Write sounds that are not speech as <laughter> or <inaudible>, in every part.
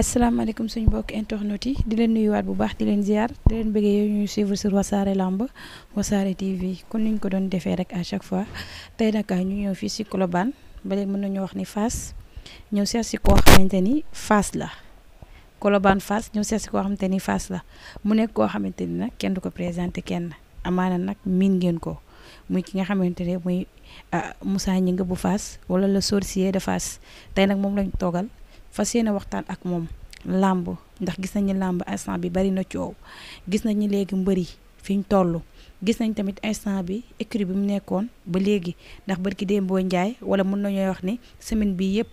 asalaamaaleykum suñu mbokk internet yi di leen nuyuwaat bu baax di leen ziar te leen bëggee yow ñuy suivre sur wasaare lamb wasaare TV kon niñ ko doon defee rek à chaque fois tey nag ñu ñëw fii si Colobane bale mën nañu wax ni Fass ñëw seet si koo xamante ni faas la Colobane Fass ñëw seet koo xamante ni Fass la mu nekk koo xamante ni nag kenn du ko présenté kenn amaana nag miin ngeen ko muy ki nga xamante ne muy ah, Moussa Gningue bu Fass wala le sorcier de Fass tey nag moom lañ toogal. fa yéene waxtaan ak moom làmb ndax gis nañu làmb instant bi bari na coow gis nañu léegi mbër yi fi ñu toll gis nañ tamit instant bi écurie bi mu nekkoon ba léegi ndax barki Dembo Ndiaye wala mun nañooy wax ni semaine bi yëpp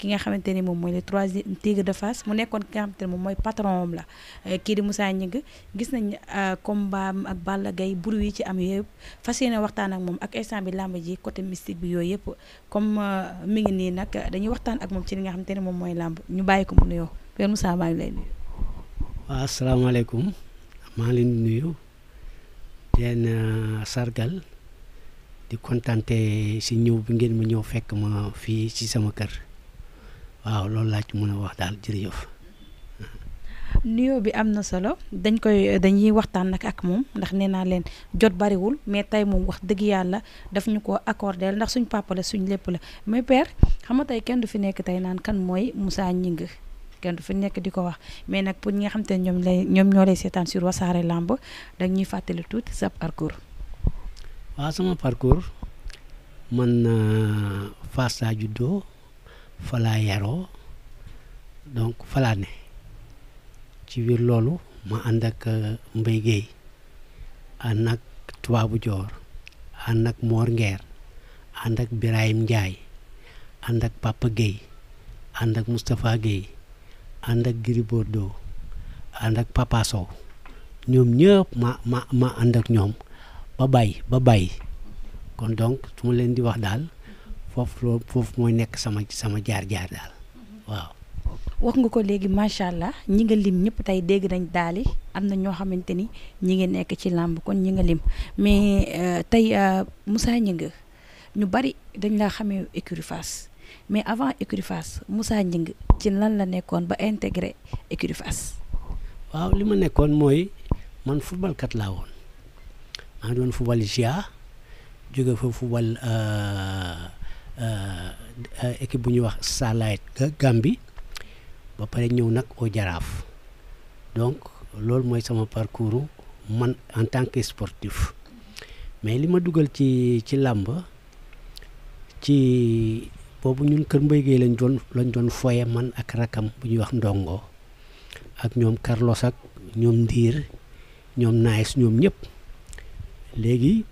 ki nga xamante ne moom mooy le troisième tigre de Fass mu nekkoon ki moom mooy patron am la euh, kii di Moussa Gningue gis nañ euh, combat ak Balla Gaye buru yi ci am yëpp fas yéene waxtaan ak moom ak instant bi làmb ji côté mystique bi yooyu yëpp comme euh, mi ngi nii nag dañuy waxtaan ak moom ci li nga xamante ne moom mooy làmb ñu bàyyi ko mu nuyoo Père Moussa maa ngi lay nuyu. leen euh, sargal di kontante si ñëw bi ngeen ma ñëw fekk ma fii si sama kër waaw loolu laa ci mën a wax daal jërëjëf. nuyoo bi am na solo dañ koy dañuy waxtaan nag ak moom ndax nee naa leen jot bariwul mais tey moom wax dëgg yàlla daf ñu ko accordé ndax suñ papa suñ lépp la mais père tey kenn du fi nekk tey naan kan mooy Moussa Gningue kenn du fi nekk di ko wax mais nag pour ñi nga xam te ne ñoom lay ñoom ñoo lay seetaan sur wasaare lamb dañuy ñuy fàttali tuuti sa parcours. waaw sama parcours mën euh, Fass laa juddoo fa laa donc falaane ci biir loolu ma ànd ak euh, Mbaye Guèye ànd ak Tubaabu Joor ànd ak Mor Ngeer ànd ak Birahim Ndiaye ànd ak Papa Guèye ànd ak Moustapha Guèye ànd ak Gris Bordeaux ànd ak Papa Sow ñoom ñëpp ma ma ma ànd ak ñoom ba bàyyi ba bàyyi kon donc su ma leen di wax daal foofu loolu foofu mooy nekk sama sama jaar-jaar daal waaw. wax nga ko léegi macha allah ñi nga lim ñëpp tey dégg nañ daali am na ñoo xamante ni ñi ngi nekk ci làmb kon ñi nga lim mais euh, tey euh, Moussa Gningue ñu bari dañ laa xamee écurie Fass mais avant écurie Fass Moussa ci lan la nekkoon ba intégré écurie waaw li ma nekkoon mooy man footballkat laa woon maa ngi doon football GIA jóge fa football euh, euh, euh, équipe bu ñuy wax Starlight Gambie ba pare ñëw nag au Jaraaf donc loolu mooy sama parcours man en tant que sportif mais li ma dugal ci ci làmb ci boobu ñun kër Mbaye Guèye lañ doon lañ doon foye man ak rakkam bu ñuy wax ndongo ak ñoom Carlos ak ñoom Ndiir ñoom Naïs ñoom ñëpp léegi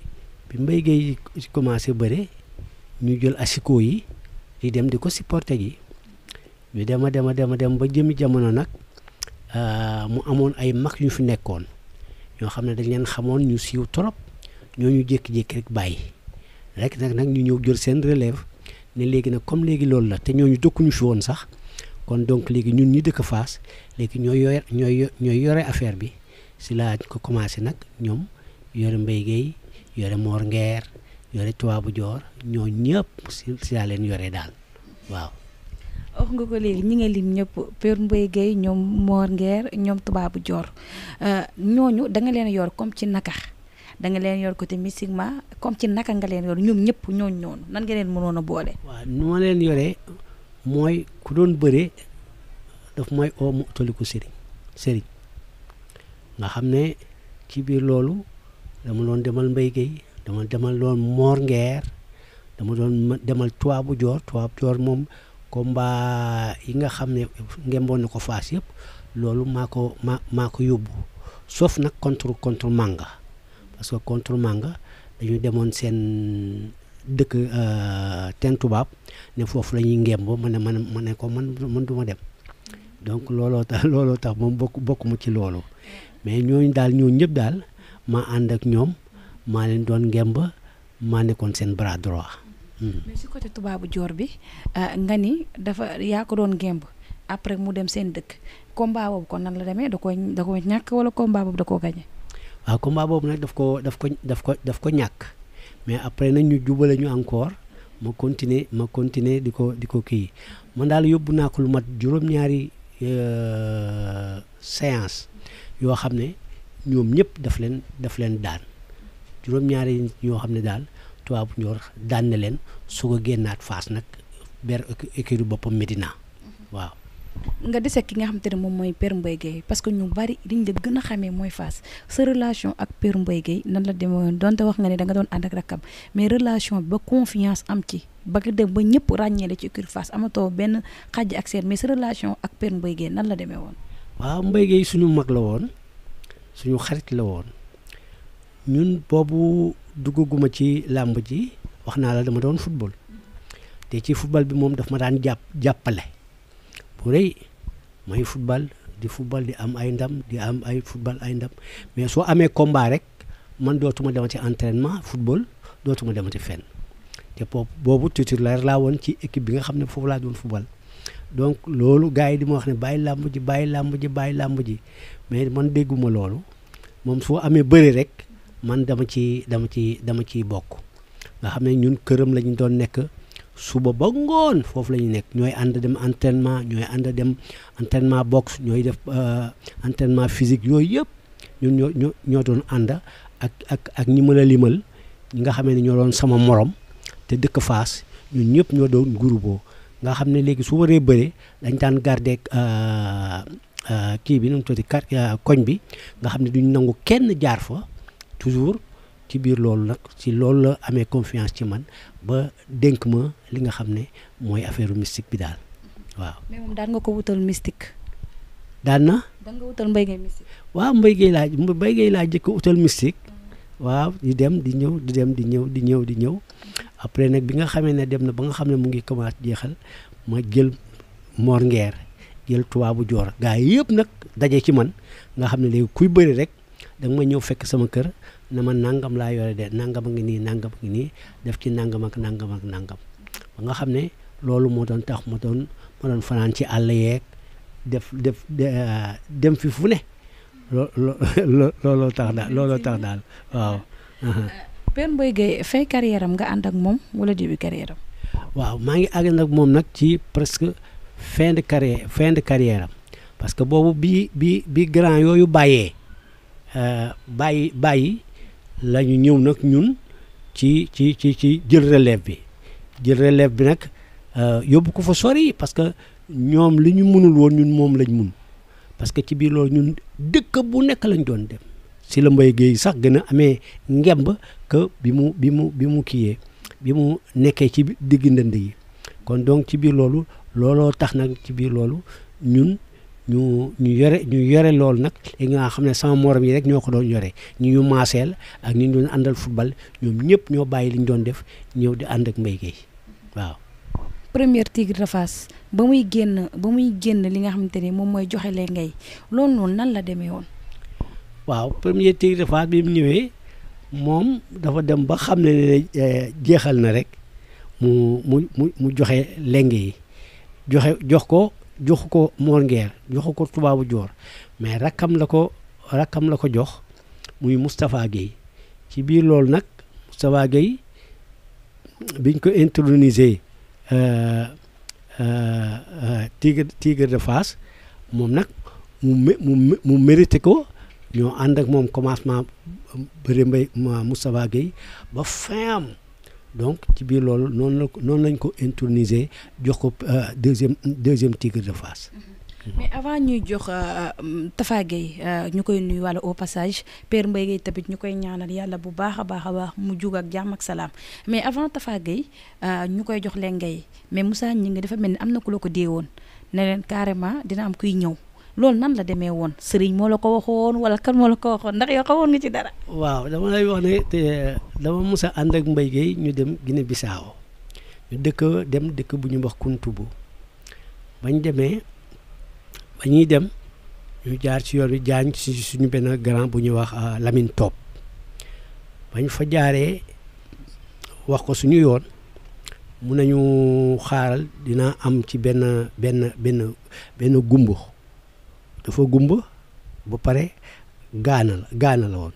bi Mbaye Guèye commencé bëre ñu jël asiko yi di dem di ko supporter ji ñu dem a dem a dem a dem ba jëmmi jamono nag euh, mu amoon ay mag yu fi nekkoon ñoo xam ne dañ leen xamoon ñu siiw trop ñooñu jékki-jékki rekk bàyyi rek nag nag ñu ñëw jël seen relève ne léegi nag comme léegi loolu la te ñooñu dëkkuñu fi woon sax kon donc léegi ñun ñi dëkk Fass léegi ñooy yo ñooy ñooy yore affaire bi si laa ko commencé nag ñoom yore mbay Guèye yore moor Nguer yore Tuwaabu Joor ñoo ñëpp si si leen yore daal waaw. wax nga ko léegi ñi nga lim ñëpp Père Mbaye Guèye ñoom Mor Nguer ñoom Tuwaabu Joor euh, ñooñu da nga leen yor comme ci naka. da nga leen yor côté mystiquement comme ci naka nga leen yor ñoom ñëpp ñooñu noonu nan nga leen mënoon a boole. waa nu ma leen yore mooy ku doon bëre daf mooy oo mu utaliku sëriñ sëriñ nga xam ne ci biir loolu dama doon demal mbay Guèye dama demal loon moor Ngeer dama doon demal Tuwaabu Joor Tuwaabu Joor moom combat yi nga xam ne ngemboon na ko faas yëpp loolu maa ko maa maa ko yóbbu sauf nag contre contre mànga parce que contre manga dañu demoon seen dëkk euh, teen tubaab ne foofu la ñuy ngembo ma ne man ma ne ko man man du dem donc looloo tax <laughs> looloo tax moom bokk bokk ci loolu mais ñooñu daal ñoo ñëpp daal maa ànd ak ñoom maa leen doon ngemba maa nekkoon seen bras droit. Hmm. mais si côté tubaabu joor bi euh, nga ni dafa yaa ko doon ngemb après mu dem seen dëkk combat boobu kon nan la demee da koo da koo ñàkk wala combat boobu da koo gañe ah combat boobu nag daf ko daf ko daf ko daf ko ñàkk mais après nag ñu jubale ñu encore ma continuer ma continuer di ko di ko kii man daal yóbbu naa ko lu mat juróom-ñaari euh, séance yoo xam ne ñoom ñëpp daf leen daf leen daan juróom-ñaari yoo xam ne daal tubaab ñor daan na leen su ko génnaat faas nag ber écurie boppam Médina mhm. waaw nga dese ki nga xam te ne moom mooy per Mbaye Gueye parce que ñu bari liñ la gën a xamee mooy Fass sa relation ak Père Mbaye nan la demoon donte wax nga ne danga doon ànd ak rakkam mais relation ba confiance am ci ba nga dem ba ñëpp ràññee la ci écurie Fass amatoo benn xaj ak seen mais sa relation ak Père Mbaye nan la demee woon. waaw Mbaye Gueye suñu mag la woon suñu xarit la woon ñun boobu duggaguma ci làmb ji wax naa la dama doon football te ci football bi moom daf ma daan jàpp jàppale. bu rëy may football di football di am ay ndam di am ay football ay ndam mais soo amee combat rek man dootuma demati entraînement football dootuma demati fenn te boobu titulaire laa woon ci équipe bi nga xam ne foofu laa doon football donc loolu gars yi di ma wax ne bàyyi làmb ji bàyyi làmb ji bàyyi làmb ji mais man dégguma loolu moom soo amee bëri rek man dama ci dama ci dama ciy bokk nga xam ne ñun këram lañu doon nekk suba ba ngoon foofu la ñu nekk ñooy ànd dem entraînement ñooy ànd dem entraînement boxe ñooy def euh, entraînement physique yooyu yëpp ñun ñoo ñoo doon ànd ak ak ak ñi mën limal ñi nga xamee ne ñoo doon sama morom te dëkk Fass ñun ñëpp ñoo doon groupe nga xam ne léegi su waree bëree dañ daan garder euh, euh, kii bi nu mu tudd kar koñ bi nga xam ne duñ nangu kenn jaar fa toujours ci biir loolu nag ci loolu la amee confiance ci man ba dénk ma li nga xam ne mooy affaire mystique bi daal waaw. mais moom nga ko wutal mystique. daan na. daan nga wutal mbéy gay mystique. waaw mbéy gay laa laa jëkk wutal mistik mm. waaw di dem di ñëw di dem di ñëw di ñëw di ñëw après nag bi nga xamee ne dem na ba nga xam ne mu ngi commencé jeexal ma jël Mor Ngeer jël tubaabu joor gaa yëpp nag daje ci man nga xam ne léegi kuy bëri rek da ma ñëw fekk sama kër na ma nangam laa yore de nangam ngi nii nangam a nii def ci nangamak nangamak nangam ak ba nga xam ne loolu moo doon tax ma doon fanaan ci àll yeeg def def eh, dem fi fu ne looloo tax daal tax daal waaw. nga ànd ak moom wala début carrière waaw maa ngi ànd ak moom nag ci presque fin de carrière parce que boobu bi bi bi grand yooyu bàyyee eh, bàyyi bàyyi. la ñu ñëw nag ñun ci ci ci ci jël relève bi jël relève bi nag euh, yóbbu ko fa sori parce que ñoom li ñu mënul woon ñun moom lañ mun parce que ci biir loolu ñun dëkk bu nekk lañ doon dem si la mbay géey sax gën a amee ngemb que bi mu bi mu bi mu kiiyee bi mu nekkee ci digg ndënd yi kon donc ci biir loolu looloo tax nag ci biir loolu ñun ñu ñu yore ñu yore loolu nag li nga xam ne sama morom yi rek ñoo ko doon yore ñu ñu maaseel ak ñu doon àndal football ñoom ñëpp ñoo bàyyi li ñu doon def ñëw di ànd ak Mbaye Guèye waaw. première Tigre de Fass ba muy génn ba muy génn li nga xamante ni moom mooy joxe lee ngay loolu noonu nan la demee woon. waaw premier Tigre de bi mu ñëwee moom dafa dem ba xam ne ne eh, jeexal na rek mu mu mu mu joxe lenge yi joxe jox ko jox ko moor ngeer joxu ko tubaabu joor mais rakkam la ko rakkam la ko jox muy Moustapha Guèye ci biir loolu nag Moustapha Guèye biñ ko introniser euh, euh, euh, tigre tigre de Fass moom nag mu mu mu mérité ko ñoo ànd ak moom commencement bëri ma Moustapha Guèye ba fin donc ci biir loolu noonu la ko noonu lañ ko introniser jox ko euh, deuxième deuxième tigre de Fass. Mhm. mais avant ñuy jox euh, Tafa Gueye euh, ñu koy nuy walla au passage Père Mbaye Gueye tamit ñu koy ñaanal yàlla bu baax a baax a baax mu jug ak jàmm ak salaam mais avant Tafa Gueye ñu koy jox leen ngay mais Moussa ñi ngi dafa mel ni am na ku la ko dee woon ne leen carrément dina am kuy ñëw. loolu nan la demee woon sëriñ moo la ko waxoon wala kan moo la ko waxoon ndax yow xamoon nga ci dara. waaw dama lay wax ne te eh, dama mus a ànd ak Mbaye Gueye ñu dem Guinée Bissau ñu dëkk dem dëkk bu ñu wax Kuntubu bañ demee bañuy dem ñu jaar ci yoon bi jaañ ci suñu benn grand bu ñuy wax ah, lamin Top bañ fa jaaree wax ko suñu yoon. mun nañu xaaral dina am ci benn benn benn benn gumbo dafa gumba ba pare gaana la gaana la woon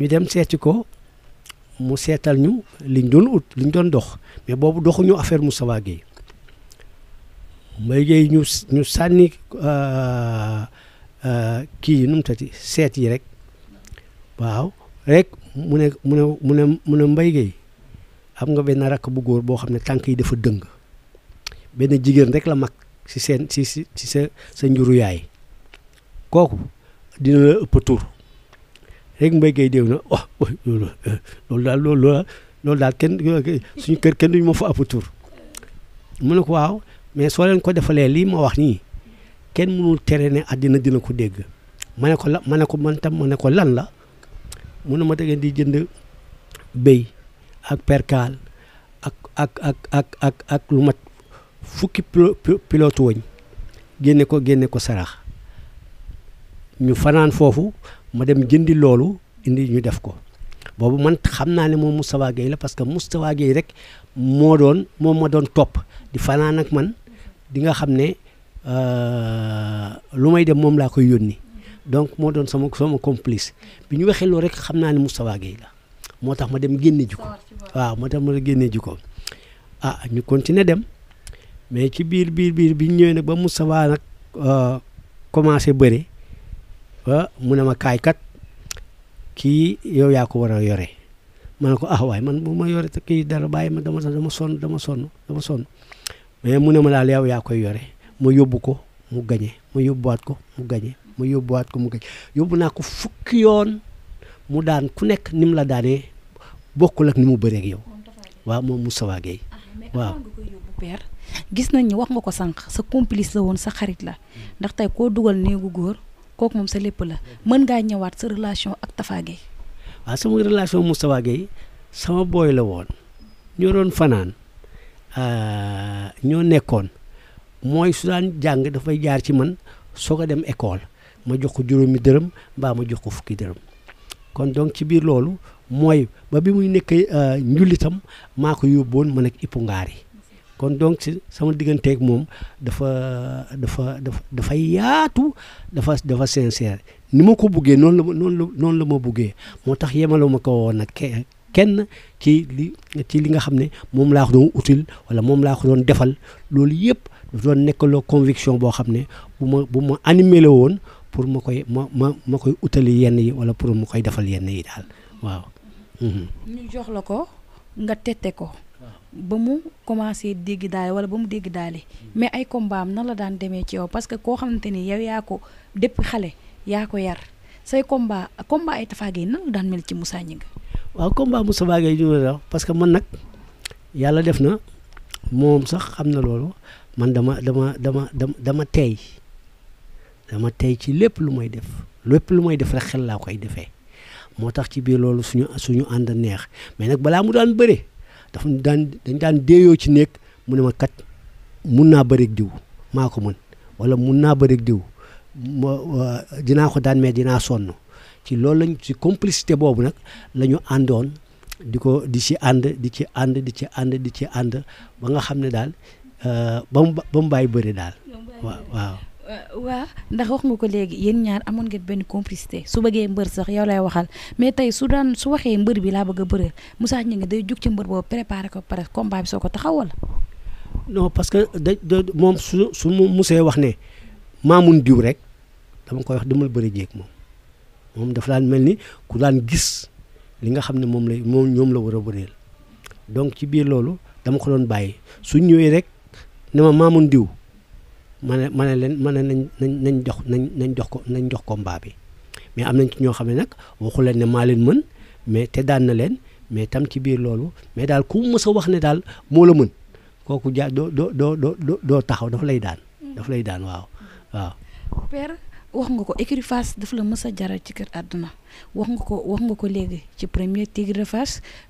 ñu dem seeti ko mu seetal ñu liñ doon ut liñ doon dox mais boobu doxuñu affaire Moustapha Guèye Mbaye Guèye ñu ñu sànni euh, euh, kii yi nu mu seet yi rek waaw rek mu ne mu ne mu ne mu ne am nga benn rakk bu góor boo xam ne tànk yi dafa dëng benn jigéen rek la mag si seen si si si sa sa njuru yaay kooku dina la ëpp tur rek Mbaye Gueye déew na <laughs> oh, oh loolu eh, daal loolu loolu daal kenn suñu kër kenn duñu ma fa ëpp tur mu ne ko waaw mais soo leen ko defalee lii ma wax nii kenn mënul tere ne àddina dina ko dégg ma ne ko la ma ne ko man ma ne ko lan la mu ne ma da di jënd béy ak perkaal ak ak ak ak ak ak lu mat fukki pilote woñ génne ko génne ko sarax ñu fanaan foofu ma dem jëndi loolu indi ñu def ko boobu man xam naa ne moom Moustapha Gueye la parce que Moustapha Gueye rek moo doon moom ma doon topp di fanaan ak man di nga xam ne euh, lu may dem moom laa koy yónni donc moo doon sama sama complice bi ñu waxee loolu rek xam naa ne Moustapha Gueye la moo tax ma dem génne ji ko waaw ma tax ma génne ji ko ah ñu continuer dem mais ci biir biir biir bi ñëwee nag ba Moustapha nag euh, commencé bëre ba mu ne ma kaay kat kii yow yaa ko war a yore ma ne ko ah waay man bu ma yore te kii dara bàyyi ma dama dama sonn dama sonn dama son mais mu ne ma daal yow yaa koy yore ma yóbbu ko mu gañe ma yóbbuwaat ko mu ma yóbbuwaat ko mu gañe yóbbu naa ko fukki yoon mu daan ku nekk ni mu la daanee bokkul ak ni mu bëreeg yow waaw moom Moustapha Gueye ah, père gis nañ ni wax nga ko sànq sa complice la woon sa xarit la ndax tey koo dugal néegu góor kooku moom sa lépp la mën ngaa ñëwaat sa relation ak Tafa waa waaw sama relation Moustapha Gueye sama booy la woon ñoo fanaan ñoo nekkoon mooy su daan jàng dafay jaar ci man soo ko dem école ma jox ko juróomi dërëm mbaa ma jox ko fukki dërëm kon donc ci biir loolu mooy ba bi muy nekk njullitam maa ko yóbboon man ak ipungaar yi kon donc si sama digganteeg moom dafa dafa dafa dafa yaatu dafa dafa sincère ni ma ko buggee noonu la ma noonu noonu la ma buggee moo tax yemale ma ko woon nag kenn ci li ci li nga xam ne moom laa ko util utile wala moom laa ko doon defal loolu yëpp dafa doon nekkaloo conviction boo xam ne bu ma bu ma animé la woon pour ma koy ma ma ma koy utali yenn yi wala pour ma koy defal yenn yi daal waaw. Mhm. ñu jox la ko nga tette ko. ba mu commencé dégg daale wala ba mu dégg daale hmm. mais ay combat am nan la daan demee ci yow parce que koo xamante ni yow yaa ko dépp xale yaa ko yar say comba comba ay Tapha Gueye nan daan mel ci Moussa Gningue waaw combat Moussa Gueye ñu parce que man nag yàlla def na moom sax xam na loolu man dama dama dama dama tey dama tey ci lépp lu may def lépp lu may def rek xel laa koy defee moo tax ci biir loolu suñu suñu ànd neex mais nag balaa mu daan bëre dafa daan dañ daan déeyoo ci nekk mu ne ma kat mun naa bëreeg diw maa ko mën wala mun naa bëreeg diw ma dinaa ko daan mais dinaa sonn ci loolu lañ ci complicité boobu nag la ñu àndoon di ko di ci ànd di ci ànd di ci ànd di ci ànd ba nga xam ne daal euh, ba mu ba mu bàyyi bëri daal waaw Euh, waa ndax wax nga ko léegi yéen ñaar amoon ngeen benn complicité su bëggee mbër sax yow lay waxal mais tey su daan su waxee mbër bi laa bëgg a bëreel Moussa Gningue day jug ci mbër boobu préparé ko pare combat bi soo ko taxawal. non parce que da moom su su mu musee wax ne maamun diw rek dama koy wax dama bëri jéeg moom moom dafa daan mel ni ku daan gis li nga xam ne moom lay moom ñoom la war a bëreel donc ci biir loolu dama ko doon bàyyi su ñëwee rek ne ma maamun diw. ma ne ma ne leen mane nañ nañ nañ jox nañ nañ jox ko nañ jox combat bi mais am nañ ci ñoo xam ne nag waxu leen ne maa leen mën mais te daan na leen mais tam ci biir loolu mais daal ku ma a wax ne daal moo la mën kooku jaa doo doo doo doo taxaw dafa lay daan. dafa lay daan waaw waaw. wax nga ko écurie face daf la mës a jaral ci kër àdduna wax nga ko wax nga ko léegi ci premier Tigre de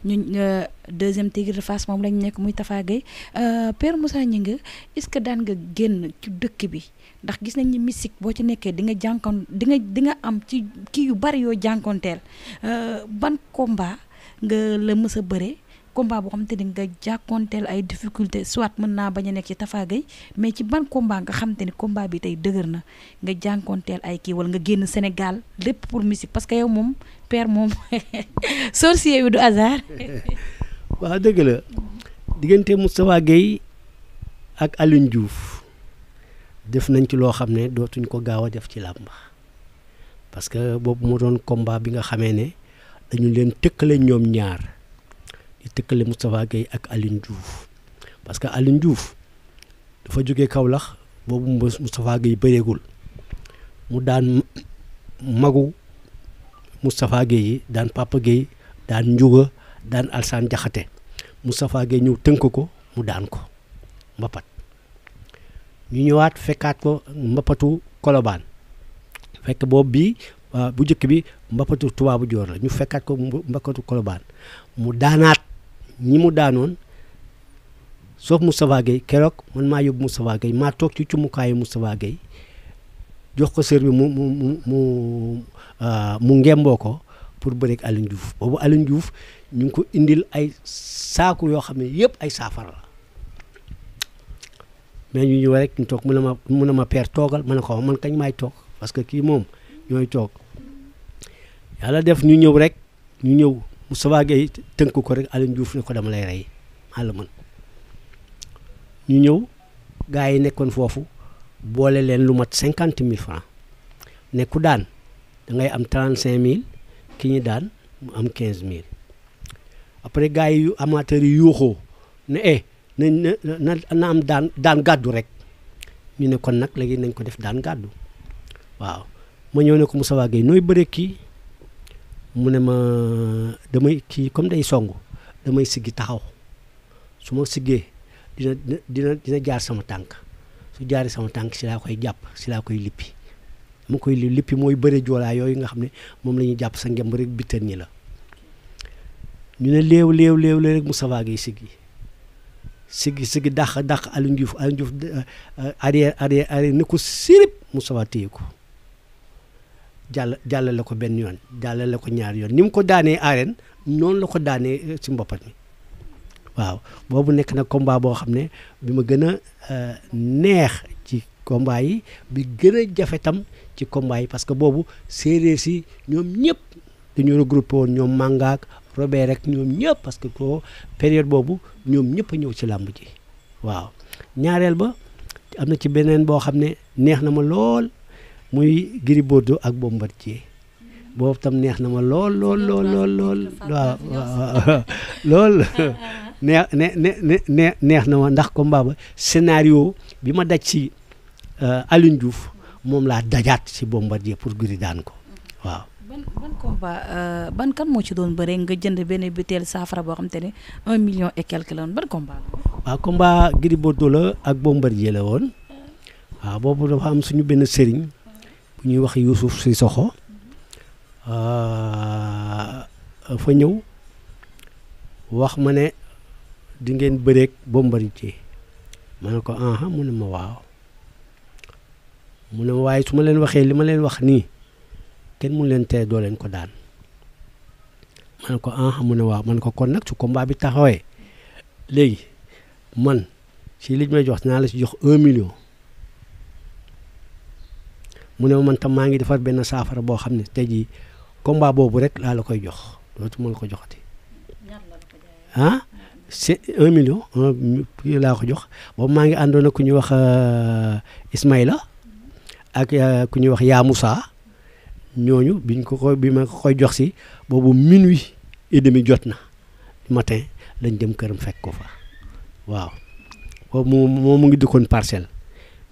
ñu ñun euh, deuxième Tigre de Fass moom lañ nekk muy Tafa Gueye euh, Père Moussa Gningue est-ce que daan nga génn ci dëkk bi ndax gis nañ ni mystique boo ci nekkee di nga jànkoon di nga di nga am ci kii yu bari yoo jànkoonteel euh, ban combat nga la mës a bëree combat boo xam te nga jàkkoonteel ay difficulté soit mën naa bañ a nekk ci tafaagay mais ci ban combat nga xam te ni combat bi tey dëgër na nga jànkoonteel ay kii wala nga génn Sénégal lépp pour musique parce que yow moom per moom <laughs> sorcier bi du hasard. <laughs> waaw dëgg la diggante Moustapha Guèye ak Alioune Diouf def nañ ci loo xam ne dootuñ ko gaaw a def ci làmb parce que boobu moo doon combat bi nga xamee ne dañu leen tëkkale ñoom ñaar. di tëkkale Moustapha Guèye ak alin Diouf parce que Alioune Diouf dafa jóge kawlax boobu Moustapha Guèye bëreegul mu daan magu Moustapha Guèye yi daan Papa Guèye daan Ndiouga daan Alsaan Jaxate Moustapha Guèye ñëw tënk ko mu daan ko mbapat ñu ñëwaat fekkaat ko mbapatu Kolobaan fekk boobu bii bu njëkk bi mbapatu tubaabu joor la ñu fekkaat ko mbapatu Kolobaan mu daanaat ñi mu daanoon sauf Moustapha Gueye keroog man maa yóbbu mu Gueye maa toog ci cumukaayu mu Gueye jox ko sër bi mu mu mu mu euh, ngemboo ko pour bëreeg Alioune Diouf boobu Alioune Diouf ñu ngi ko indil ay saaku yoo xam ne yëpp ay saafara la mais ñu ñëw rek ñu toog mun na ma mun na ma peer toogal man ko man kañ maay toog parce que kii moom ñooy toog yàlla def ñu ñëw rek ñu ñëw Moustapha Gueye tënk ko rek Alioune Diouf ne ko dama lay rey maa la mën ñu ñëw gars yi nekkoon foofu boole leen lu mat cinquante mille francs nekku daan da ngay am trent cinq mille ki ñu daan mu am quinze mille après gars yi yu amateurs yi yuuxoo ne eh nañ na am daan daan gàddu rek ñu nekkoon nag léegi nañ ko def daan gàddu waaw ma ñëw ne ko Moustapha Gueye nooy bëre mu ne ma damay kii comme day songu damay siggi taxaw su ma siggee dina dina dina jaar sama tànk su jaaree sama tànk si laa koy jàpp si laa koy lippi mu koy lippi mooy bëre joolaa yooyu nga xam ne moom la ñuy jàpp sa ngemb rek bittan ñi la ñu ne léew léew léew léew rek Moussa Wagué siggi siggi siggi dàq dàq Aliou Diouf Aliou Diouf euh, euh, arrière arrière arrière ko sirip Moussa Wagué téye ko jàll jàllale ko benn yoon jàllale ko ñaar yoon ni mu ko daanee arène noonu la ko daanee eh, ci mboppat mi waaw boobu nekk na combat boo xam ne bi ma gën a euh, neex ci combat yi bi gën a jafe ci combat yi parce que boobu séeréer si ñoom ñëpp dañoo regroupé woon ñoom màngaak Robert rek ñoom ñëpp parce que ko période boobu ñoom ñëpp a ñëw ci làmb ji waaw ñaareel ba am na ci beneen boo xam ne neex na ma lool. muy Gris Bordeaux ak Bombardier boobu tam neex na ma lool lool lool lool lool neex na ma ndax combat ba scénario bi ma daj ci euh, Alioune Diouf moom laa dajaat ci Bombardier pour Gris daan ko waaw. ban euh, kan moo ci doon bëre nga jënd benn butéel saafara boo xam ne un million et quelque la woon ban la. ak Bombardier la woon waaw boobu dafa am suñu benn sëriñ. ñuy wax Yuusuf soxo euh, fa ñëw wax ma ne di ngeen bëreeg Bombardier ma ne ko aha mu ne ma waaw mu ne ma waaye su ma leen waxee li ma leen wax nii kenn mun leen tee doo leen ko daan ma ne ko aha mu ne waaw man ko kon nag su combat bi taxawee léegi man ci li ñu may jox naa la ci jox un million mu ne man tam maa ngi defar benn saafara boo xam ne tey jii combat boobu rek laa la koy jox dootuma la ko joxati ah c'est ko jox boobu maa ngi àndoon ak ku ñuy wax euh, Ismaïla ak euh, ku ñuy wax Yaa Moussa ñooñu biñ ko koy bi ma ko koy jox si boobu minuit et demi jot na matin lañ dem këram fekk ko fa waaw boobu moom mu ngi dëkkoon parcelle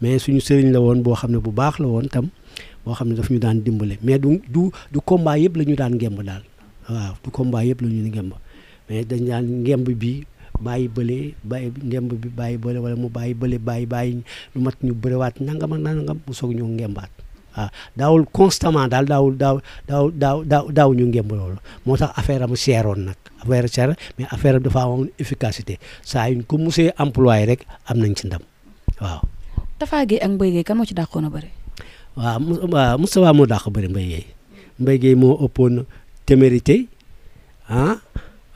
mais suñu sëriñ la woon boo xam ne bu baax la woon tam boo xam ne daf ñu daan dimbale mais du du du combat yëpp la ñu daan ngemb daal waaw du combat yëpp la ñu ngemb mais dañ daan ngemb bi bàyyi bële bàyyi ngemb bi bàyyi bële wala mu bàyyi bële bàyyi bàyyi lu mat ñu bëriwaat nangam ak nangam mu soog ñu ngembaat waaw daawul constamment daal daawul daaw daaw daaw daaw daaw ñu ngemb loolu moo tax affaire am seeroon nag affaire seer mais affaire am dafa amoon efficacité saa ko musee employé rek am nañ ci ndam waaw. Tapha ak Mbaye Gueye kan moo ci dàqoon a bëri. waaw waaw Moustapha moo dàq bëri Mbaye Guèye Mbaye Guèye moo ëppoon témérité ah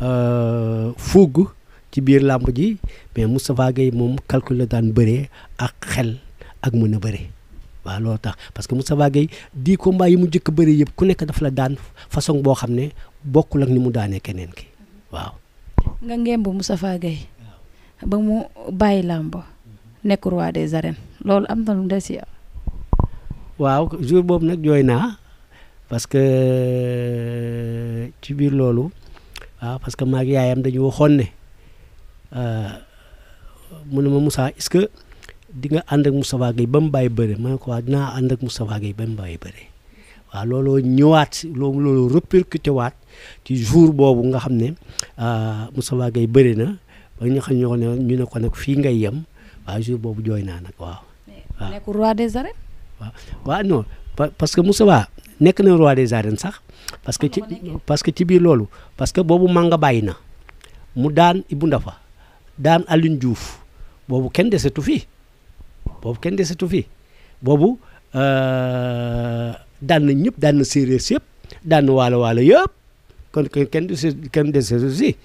euh, fugg ci biir làmb ji mais Moustapha Guèye moom calcul la daan bëree ak xel ak mën a bëri waaw loolu tax parce que Moustapha Guèye di combat yi mu njëkk bari yëpp ku nekk daf la daan façon boo xam ne bokkul ak ni mu daanee keneen ki waaw. nga ngemb Moustapha Guèye ba mu bàyyi làmb nekku roi des arènes loolu am na lu des si waaw jour boobu nag jooy naa parce que ci biir loolu waaw parce que maag yaayam dañu waxoon ne euh, mun na ma Moussa est-ce que di nga ànd ak Moustapha Gueye ba mu bàyyi bëre man ne ko waa dinaa ànd ak Moustapha Gueye ba mu bàyyi bëre waaw looloo ñëwaat loolu loolu répercuté waat ci jour boobu nga xam ne euh, Moustapha yi bëri na ba ñu xam ne ñu ne ko nag fii ngay yem waaw jour boobu jooy naa nag waaw. waaw waaw non parce que Moussa nekk na roi des sax parce que ci parce que ci biir loolu parce que boobu Manga bàyyi na mu daan Ibou Ndafa daan Alioune Diouf boobu kenn desetu fii boobu kenn desetu fii boobu euh, daan na ñëpp daan na séeréer si yëpp daan na waalo waalo yëpp kon kenn desetu kenn desetu si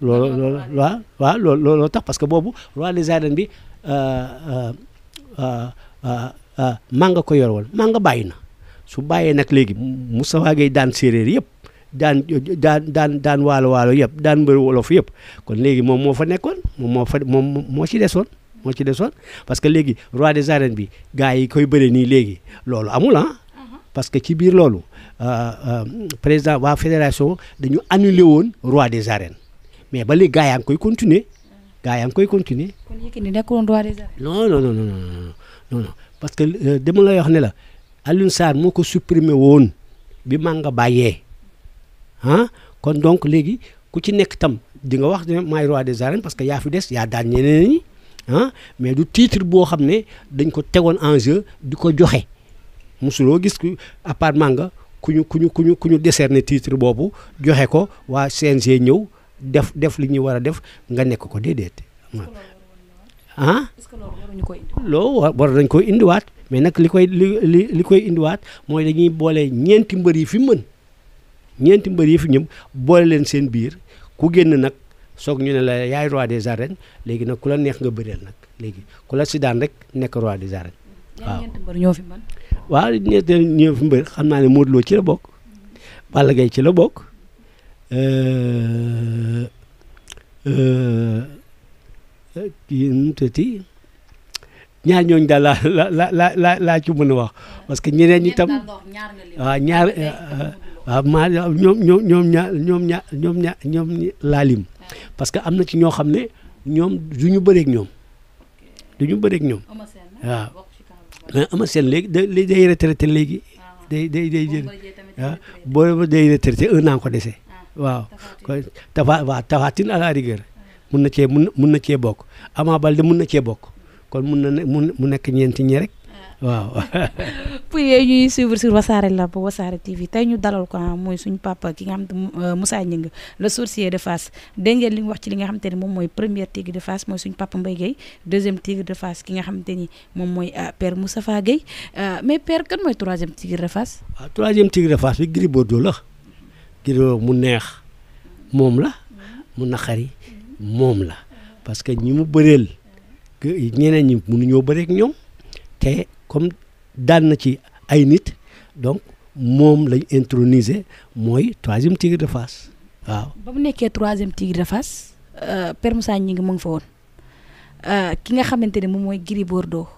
lool loolu tax parce que boobu roi des bi euh, euh, Euh, maa nga ko yorwal maa nga bàyyi na su bàyyee nag léegi Moustapha Gueye daan séeréer yëpp daan daan daan daan waalo waalo yëpp daan mbër wolof yëpp kon léegi moom moo fa nekkoon moom moo fa moom moo ci desoon moo ci desoon parce que léegi roi des arènes bi gars yi koy bëre nii léegi loolu amul ah. Uh-huh. parce que ci biir loolu euh, euh, président waa fédération dañu annulé woon roi des arènes mais ba léegi gars yaa ngi koy continuer gars yaa ngi koy continuer kon Yékini nekkoon roi parce que euh, dama lay wax ne la Alioune Sarr moo ko supprimer woon bi Manga bàyyee ah kon donc léegi ku ci nekk tam di nga wax ne maay roi des arènes parce que yaa fi des yaa daan ñeneen ñi ah, mais du tiitre boo xam ne dañ ko tegoon en jeu di ko joxe mosuloo gis ku à part ku ñu ku ñu ku ñu ku ñu décerner titre boobu joxe ko waa CNG ñëw def def li ñuy war a def nga nekk ko déedéet. ah. est ko indiwaat. war nañ ko indiwaat mais nag li koy li li li koy indiwaat mooy dañuy boole ñeenti mbër yi fi mën ñeenti mbër yi fi ñëm boole leen seen biir ku génn nag soog ñu ne la yaay roi des arènes léegi nag ku la neex nga bëreel nag léegi ku la si daan rek nekk roi des arènes. waaw ñeenti mbër ñoo xam naa ne Modou loo ci la bokk. Balla ci la bokk. Euh, euh, kii nu mu tëddee ñaar ñooñu daal laa la la la laa ci mën a wax parce que ñeneen ñi tam waaw ñaar waaw maa ñoom ñoom ñoom ñaar ñoom ñaar ñoom ñaar ñoom laalim ah. parce que am na ci ñoo xam ne ñoom du ñu bëreeg ñoom du ñu bëreeg ñoom waaw mais ah, ama seen léegi da day retraité léegi ah, day day day jël ah boo day retraité un an ko dese waaw tafa waaw tafatin à la rigueur mun na cee mun mun na cee bokk Ama Baldé mun na cee bokk kon mun na ne mu nekk ñeenti ñi rek. Ah. waaw. <laughs> pour yooyu ñuy suivre sur Wassare Lamb Wassare TV tey ñu dalal ko ah, mooy suñu papa ki nga xam te euh, Moussa Gningue le sorcier de Fass dégg ngeen li mu wax ci li nga xam te ne moom mooy première tigre de Fass mooy suñu papa Mbaye Guèye deuxième tigre de Fass moom mooy ah, père mais per kan mooy troisième tigre de Fass. waaw troisième tigre de Fass bi Gris Bordeaux la. Gris mu neex moom la mu naqari moom la parce que ñi mu bëreel ñeneen ñi mënuñoo bëreek ñoom te comme daan na ci ay nit donc moom lañ introniser mooy troisième tigre de Fass waaw. ba mu nekkee troisième tigre de Fass euh, Père ñi ngi mu ngi fa woon euh, ki nga xamante ne moom mooy Gris Bordeaux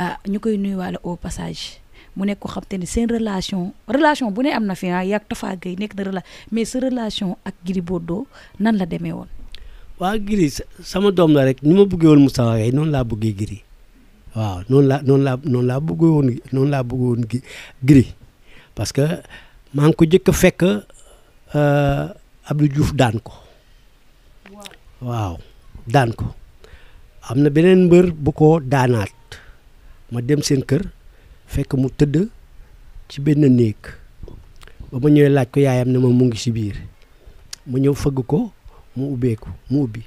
euh, ñu koy nuyuwaale au passage. mu nekk ko xam te ne seen relation relation bu ne am na fi ah yàgg Tafa Gueye nekk na relation mais sa relation ak Gris Bordeaux nan la demee woon. waa Gris sama doom la rek ni ma bëggee woon Moustapha Gueye noonu laa bëggee Gris waaw noonu laa noonu laa noonu laa bëggee woon noonu laa bëggee woon Gris parce que maa ngi ko jëkk a fekk euh, Abdou juuf daan ko waaw daan ko am na beneen mbër bu ko daanaat ma dem seen kër fekk mu tëdd ci benn néeg ba ma ñëwee laaj ko yaayam ne ma mu ngi si biir ma ñëw fëgg ko mu ubbeeku mu ubbi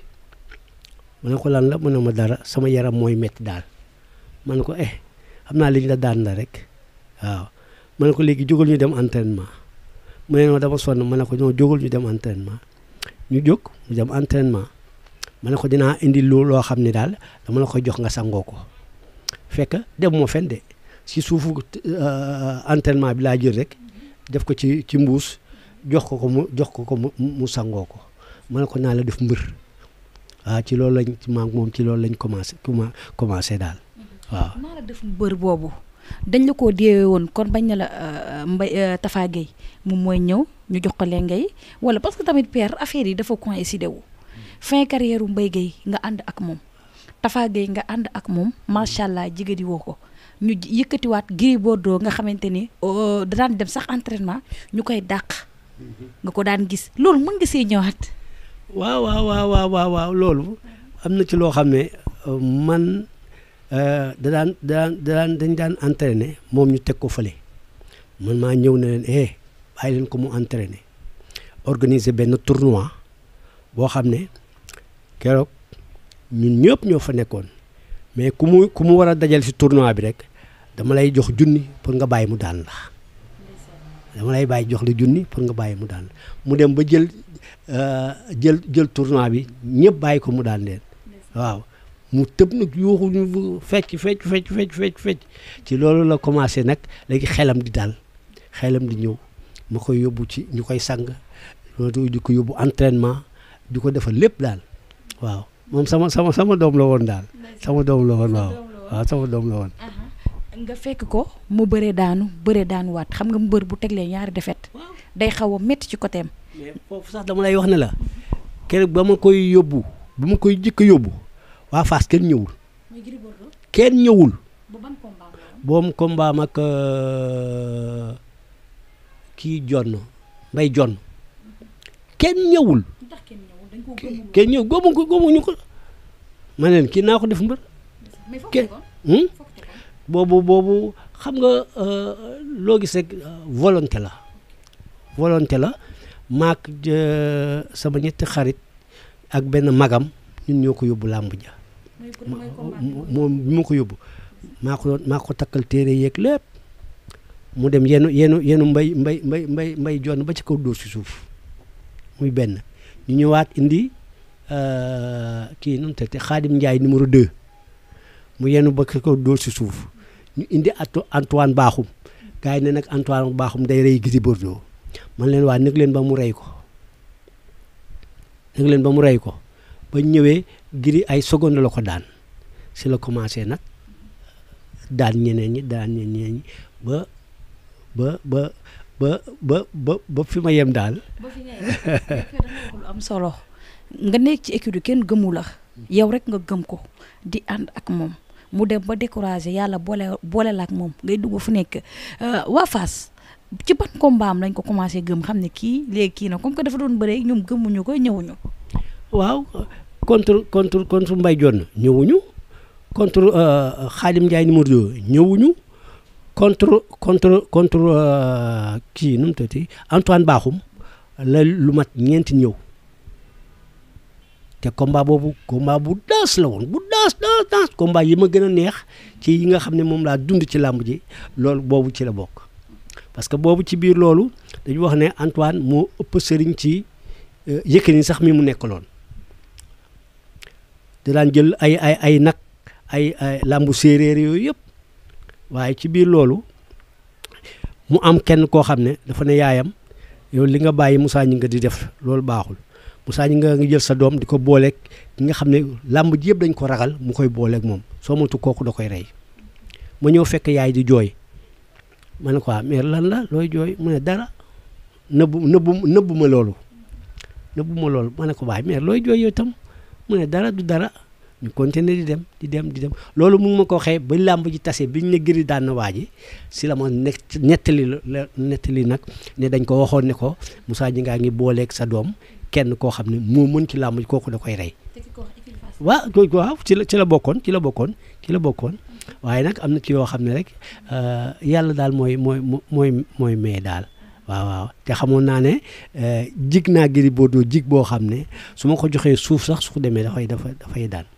mu ne ko lan la mu ma dara sama yaram mooy metti daal ma ne ko eh xam naa liñ la daan rek waaw ma ne ko léegi jógal ñu dem entraînement mu ne ma dama sonn ma ne ko ñoo jógal ñu dem entraînement ñu jóg ñu dem entraînement ma ne ko dinaa indi lu loo xam ne daal dama la koy jox nga sangoo ko fekk dem moo fen de si suufu euh, entraînement bi laa jël rek def ko ci ci mbuus jox ko ko mu jox ko ko mu sangoo ko ma ne ko naa la def mbër waaw ah, ci loolu lañ ci maag moom ci loolu lañ commencé commencé daal mhm. waaw. naa la def mbër boobu dañ la koo deewee woon kon bañ na la euh, euh, Mbaye euh, Tafa Gueye moom mooy ñëw ñu jox ko Lengay wala parce que tamit père affaire yi dafa coïncider wu. fin carrière u Mbaye nga ànd ak moom Tafa Gueye nga ànd ak moom macha allah jigéen woo ko. ñu yëkkatiwaat Gris Bordeaux nga xamante ni oh, daan dem sax entraitement ñu koy dàq mhm. nga ko daan gis loolu mën nga see ñëwaat. waaw waaw waaw waaw waaw loolu am na ci loo xam ne euh, man euh, da daan da daan dañ daan entraîné moom ñu teg ko fële man maa ñëw na leen eh bàyyi leen ko mu entraîné organiser benn tournoi boo xam ne keroog ñun ñëpp ñoo fa nekkoon mais ku mu ku mu war a dajal si tournoi bi rek dama lay jox junni pour nga bàyyi mu daan la dama lay bàyyi jox la junni pour nga bàyyi mu daan mu dem ba jël euh, jël jël tournoi bi ñëpp bàyyi ko mu daan leen waaw mu tëb nag yuuxu ñu fecc fecc fecc fecc fecc fecc ci loolu la commencé nag léegi xelam di daal xelam di ñëw ma koy yóbbu ci ñu koy sang di yóbbu entraînement di ko defal lépp daal waaw moom sama sama sama doom la woon daal sama doom la woon waaw waaw sama doom la woon uh-huh. nga fekk ko mu bëre daanu bëre daanuwaat xam nga mu mbër bu teglee ñaari defet day xaw metti ci côté am sax dama lay wax ne la keroog ba ma koy yóbbu ba ma koy jëkk yóbbu waa Fass kenn ñëwul kenn ñëwul boom ko am ak euh, kii jonn kenn ñëwul kenn ñëw góobu ñu ko ma kii naa ko def mbër boobu boobu xam nga euh, loo gis rek euh, volonté la volonté la maak euh, sama ñetti xarit ak benn magam ñun ñoo ko yóbbu làmb ja moom bi ko yóbbu maa ko maa ko takkal téere yeeg lépp mu dem yenu yenu yenu mbay mbay mbay mbay mbay jonn ba ci kaw dóor si suuf muy benn ñu ñëwaat indi kii nunu te te Xaadim Njaay numéro 2 mu yenu ba ci kaw dóor si suuf ñu indi Antoine Bakhoum gars yi ne nag Antoine Bakhoum day rey gisi Bordeaux man leen waa nekk leen ba mu rey ko nekk leen ba mu rey ko ba ñëwee Gris ay seconde la ko daan si la commencé nag daan ñeneen ñi daan ñeneen ñi ba ba ba ba ba ba fi ma yem daal. solo nga nekk ci équipe kenn gëmu la hmm. yow rek nga gëm ko di ànd ak moom. mu dem ba découragé yàlla boole boole moom ngay dugg fu nekk euh, waa Fass ci ban combat lañ ko commencé gëm xam ne kii léegi kii nag comme que dafa doon bëree ñoom gëmuñu ko ñëwuñu. waaw contre contre contre Mbaye Jonn ñëwuñu contre euh, Khadim Ndiaye numéro 2 ñëwuñu contre contre contre euh, kii nu mu tuddati Antoine Bakhoum la lu mat ñeenti ñëw. te combat boobu combat bu daas la woon bu daas daas daas combat yi ma gën a neex ci yi nga xam ne moom laa dund ci làmb ji loolu boobu ci la bokk parce que boobu ci biir loolu dañu wax ne Antoine moo ëpp sëriñ ci euh, Yékini sax mi mu nekk da daan jël ay ay ay nag ay làmbu séeréer yooyu yëpp waaye ci biir loolu mu am kenn koo xam ne dafa ne yaayam yow li nga bàyyi Moussa ñu nga di def loolu baaxul Moussa Gningue nga ngi jël sa doom di ko booleeg ki nga xam ne làmb ji yëpp dañ ko ragal mu koy booleek moom soo moytu kooku da koy rey ma ñëw fekk yaay di jooy ma ne ko ah, mais lan la looy jooy mu ne dara nëbbu nëbbu nëbbu ma loolu nëbbu ma loolu ma ne ko waaye mais looy jooy yow tam mu ne dara du dara ñu continuer di dem di dem di dem loolu mu ngi ma ko waxee ba làmb ji tase biñ ne gëri daan waa ji si la ma nekk nettali la nettali nag ne dañ ko waxoon ne ko musaa ji ngaa ngi booleeg sa doom kenn koo xam ne moo mën ci làmb kooku da koy rey waaw waaw ci la ci la bokkoon ci la bokkoon ci la bokkoon waaye nag am na ci yoo xam ne rek euh, yàlla daal mooy mooy mooy mooy may daal waaw waaw te xamoon naa ne euh, jig naa Gris Bordeaux jig boo xam ne su ma ko joxee suuf sax su ko demee dafay dafay dafay daan